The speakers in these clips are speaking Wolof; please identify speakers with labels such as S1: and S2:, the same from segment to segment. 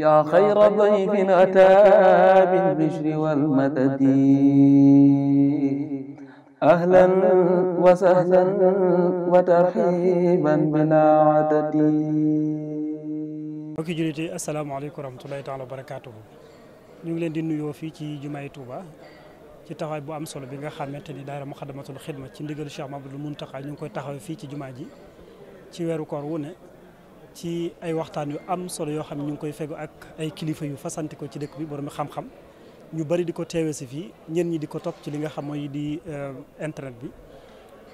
S1: yaa xayra dayfin ataa bil bishri wal madadi ahlan wa sahlan wa tarxiiban bilaa adadi mbokki jullit yi wa rahmatulahi taala wa barakaatuhu ñu ngi leen di nuyoo fii ci jumaay Touba ci taxawaay bu am solo bi nga xamante ni daayira Muxaddamatul Xidma ci ndigalu Cheikh Mamadou Muntaxa ñu ngi koy taxawee fii ci jumaa ji ci weeru koor wu ne ci ay waxtaan yu am solo yoo xam ne ñu ngi koy fego ak ay kilifa yu fasanti ko ci dëkk bi borom xam-xam ñu bari di ko teewee si fii ñenn ñi di ko topp ci li nga xam mooy di euh, internet bi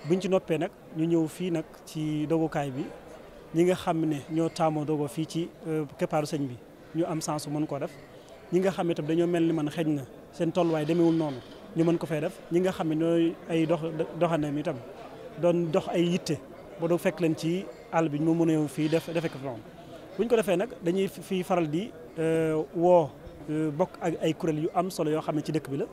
S1: buñ ci noppee nag ñu ñëw fii nag ci dogukaay bi ñi nga xam ne ñoo taamoo dogo fii ci euh, keppaaru sëñ bi ñu am sens su mën koo def ñi nga xam ne tam dañoo mel ni man xëj na seen tolluwaay demeewul noonu ñu mën ko fay def ñi nga xam ne ñooy ay dox doxandam itam doon dox ay yitte. boo doog fekk leen ci àll bi ñu mën a fii def defee ko noonu bu ñu ko defee nag dañuy fii faral di euh, woo euh, bokk ak ay kuréel yu am solo yoo xam ne ci dëkk bi la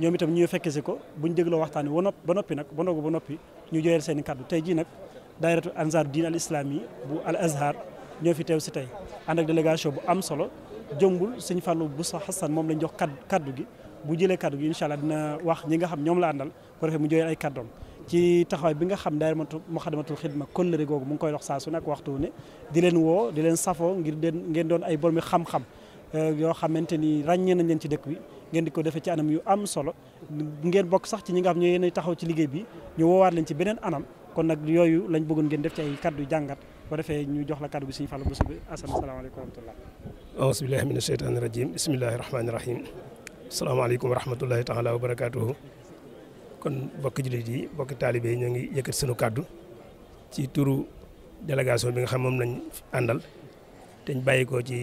S1: ñoom itam ñu fekkee si ko bu ñu dégloo waxtaan wi ba noppi nag ba ndogu ba noppi ñu joyal seen i kàddu tey jii nag daayiratu ansaar diin al islami bu al azhar ñoo fi teew si tey ànd ak délégation bu am solo jëmbul sëñ Fallou Bousso Hassan moom lañ jox kaddu kaddu gi bu jëlee kaddu gi incha allah dina wax ñi nga xam ñoom la àndal ko defee mu joyal ay kàddoom ci taxawaay bi nga xam daayira Muxaddamatul Xidma kóllëre googu mu ngi koy dox saa su nekk waxtu ne di leen woo di leen safoo ngir den ngeen doon ay boromi xam-xam euh, yoo xamante ni ràññee nañ leen ci dëkk bi ngeen di ko defee ci anam yu am solo ngeen bokk sax ci ñi nga xam ñoo yéen taxaw ci liggéey bi ñu woowaat leen ci beneen anam kon nag yooyu lañ bëggoon ngeen def ci ay kaddu jàngat ko defee ñu jox la kaddu gi suñu fàllu bu subi asalaamaaleykum wa rahmatullah
S2: auzu billahi mina sheytaani rajim bismillahi rahmaani rahim asalaamaaleykum wa rahmatullahi taala wa barakatuhu kon bokki jullit yi bokki taalibe yi ñoo ngi yëkkat sunu kàddu ci turu délégation bi nga xam moom lañ àndal te ñu bàyyi ci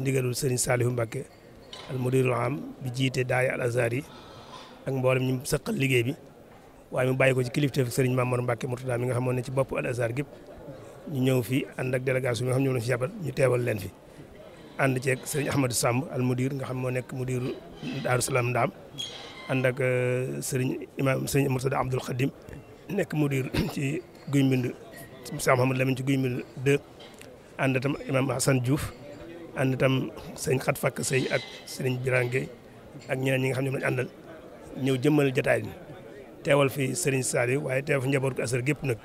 S2: ndigalul Serigne Saliou Mbacké al mudirul am bi jiite daay al yi ak mboolem ñu sëqal liggéey bi waaye mu bàyyi ko ci kilifteef Serigne Mamour Mbacké Mourtada mi nga xamoon ne ci bopp al azhar ñu ñëw fi ànd ak délégation bi nga xam ñoo lañ fi yabal ñu teewal leen fi ànd ceeg Serigne Ahmadou Samb al mudir nga xam moo nekk mudiru Daaru Salaam ànd ak euh, sëriñ imaam sëriñ Murtada Abdul Khadim nekk mudir ci Guy Mbind Cheikh Mouhamadou ci Guy Mbind 2 ànd itam imaam Hassan Diouf ànd itam sëriñ Xat Fakk Sëy ak sëriñ Birange ak ñeneen ñi nga xam ne ñoom lañ ñëw jëmmal jotaay teewal fi sëriñ saali waaye teewal fi njaboot ko asar gépp nag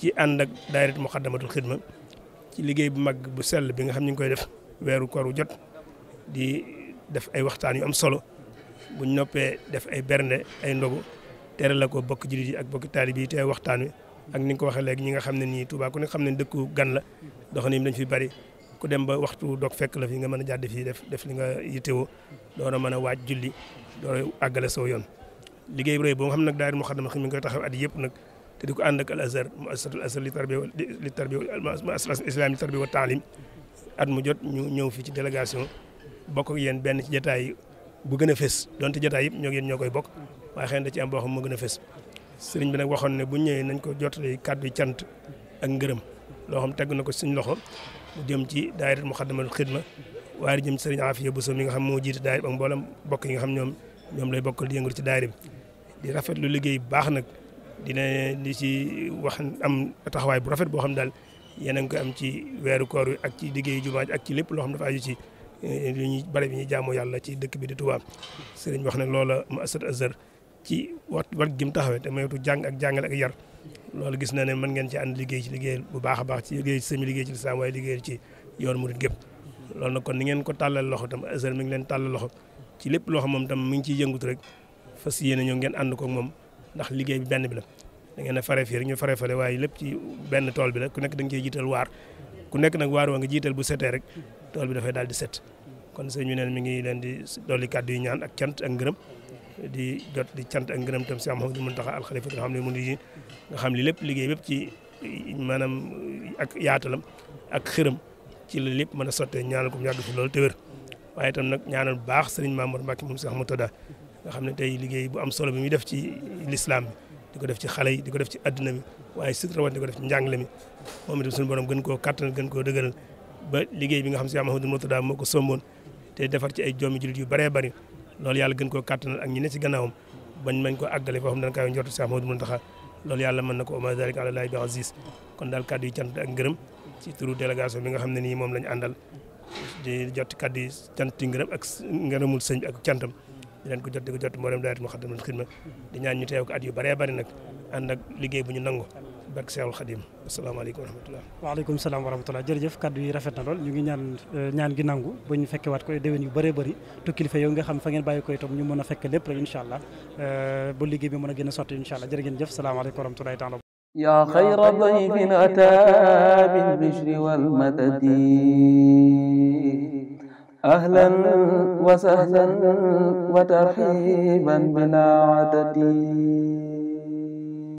S2: ci ànd ak daayira Muxaddamatul Xidma ci liggéey bu mag bu sell bi nga xam ñi ngi koy def weeru koru jot di def ay waxtaan yu am solo buñ noppee def ay bernde ay ndogu teral la ko bokk jullit yi ak bokk taalib yi te waxtaan wi ak ni nga ko waxee léegi ñi nga xam ne nii Touba ku ne xam ne dëkku gan la doxalim dañ fi bari ku dem ba waxtu doog fekk la fi nga mën a jàdd fii def def li nga yittewoo doora mën a waaj julli doora àggale soo yoon liggéey bu boo xam nag daayira Muxaddam mi ngi koy at yëpp nag di ko ànd li tarbiya li tarbiya mu asatul islam li tarbiya wa taalim at mu jot ñu ñëw fii ci délégation bokk ak benn ci jataay bu gën a fés donte jotaay yëpp ñoo ngi ñoo koy bokk waaye xëy ci am boo xam moo gën a fés sëriñ bi nag waxoon ne bu ñëwee nañ ko jottali kàddu cant ak ngërëm loo xam teg na ko suñ loxo mu jëm ci daayira Muxaddamatul Xidma waaye jëm ci sëriñ Afiya Bousso mi nga xam moo jiite daayira ak mboolem yi nga xam ñoom ñoom lay bokkal di ci daayira di rafetlu liggéey bu baax nag dina di ci wax am taxawaay bu rafet boo xam daal yéen ngi koy am ci weeru koor wi ak ci liggéey jumaa ji ak ci lépp loo xam dafa aju ci Eh, li ñuy barab yi ñuy jaamu yàlla ci dëkk bi di Touba sëriñ wax ne loola ma asat azar ci wat wat gim taxawee te mayatu jàng gis na ne man ngeen ci ànd liggéey ci bu baax ci liggéey ci semi liggéey ci lislaam waaye liggéey ci yoon murid gépp loolu nag kon ni ngeen ko tàllal loxo tam azar mi ngi leen tàllal loxo ci lépp loo xam moom tam mi ngi ciy yëngut rek fas yéene ñoo ngeen ànd ko ak moom ndax liggéey bi benn bi la da ngeen a fare fii rek ñu fare fale waaye lépp ci benn tool bi la ku nekk da nga cee jiital waar ku nekk nag waar wa nga jiital bu setee rek tool bi dafay daal di set kon sëñ bi neen mi ngi leen di dolli kàddu yu ñaan ak cant ak gërëm di jot di cant ak ngërëm tam mun Mouhamadou Mountakha al Khalifa nga xam ne mun yi nga xam li lépp liggéey bépp ci maanaam ak yaatalam ak xërëm ci la lépp mën a sottee ñaanal ko mu yàgg fi loolu te wér waaye itam nag ñaanal bu baax sëriñ Mamour Mbacke moom Cheikh Moutada nga xam ne tey liggéey bu am solo bi muy def ci lislaam bi di ko def ci xale yi di ko def ci adduna bi waaye surtout rawatina di ko def ci mi moom itam suñu gën koo kattan gën koo dëgëral ba liggéey bi nga xam si Mouhamadou Mourtada moo ko somboon te defar ci ay joomi jullit yu bëree bëri loolu gën koo kàttanal ak ñi ne ci gannaawam bañ mañ ko àggale foo xam ne dañ koy njortu si Mouhamadou Mourtada loolu bi nga xam ne nii moom lañ àndal di jot kàddu yi cant yi ngërëm ak ngërëmul sëñ ak cantam di leen ko jot di ko jot mboolem daayira Muxaddamatul Xidma di ñaan ñu teew ko at yu bëree bëri nag ànd ak liggéey bu ñu nangu barke Seexul Xadim asalaamaaleykum wa
S1: rahmatulah. waaleykum salaam wa rahmatulah jërëjëf kaddu yi rafet na lool ñu ngi ñaan euh, ñaan gi nangu ba ñu fekkewaat koy déwén yu bëree bëri te kilifa yow nga xam fa ngeen bàyyi koy itam ñu mën a fekk lépp rek incha allah euh, ba liggéey bi mën a gën a sotti incha allah jërë ngeen jëf salaamaaleykum wa rahmatulah taala. yaa xayra dayfin ataa bil bishri wal madadi ahlan wa sahlan wa tarhiiban bilaa adadi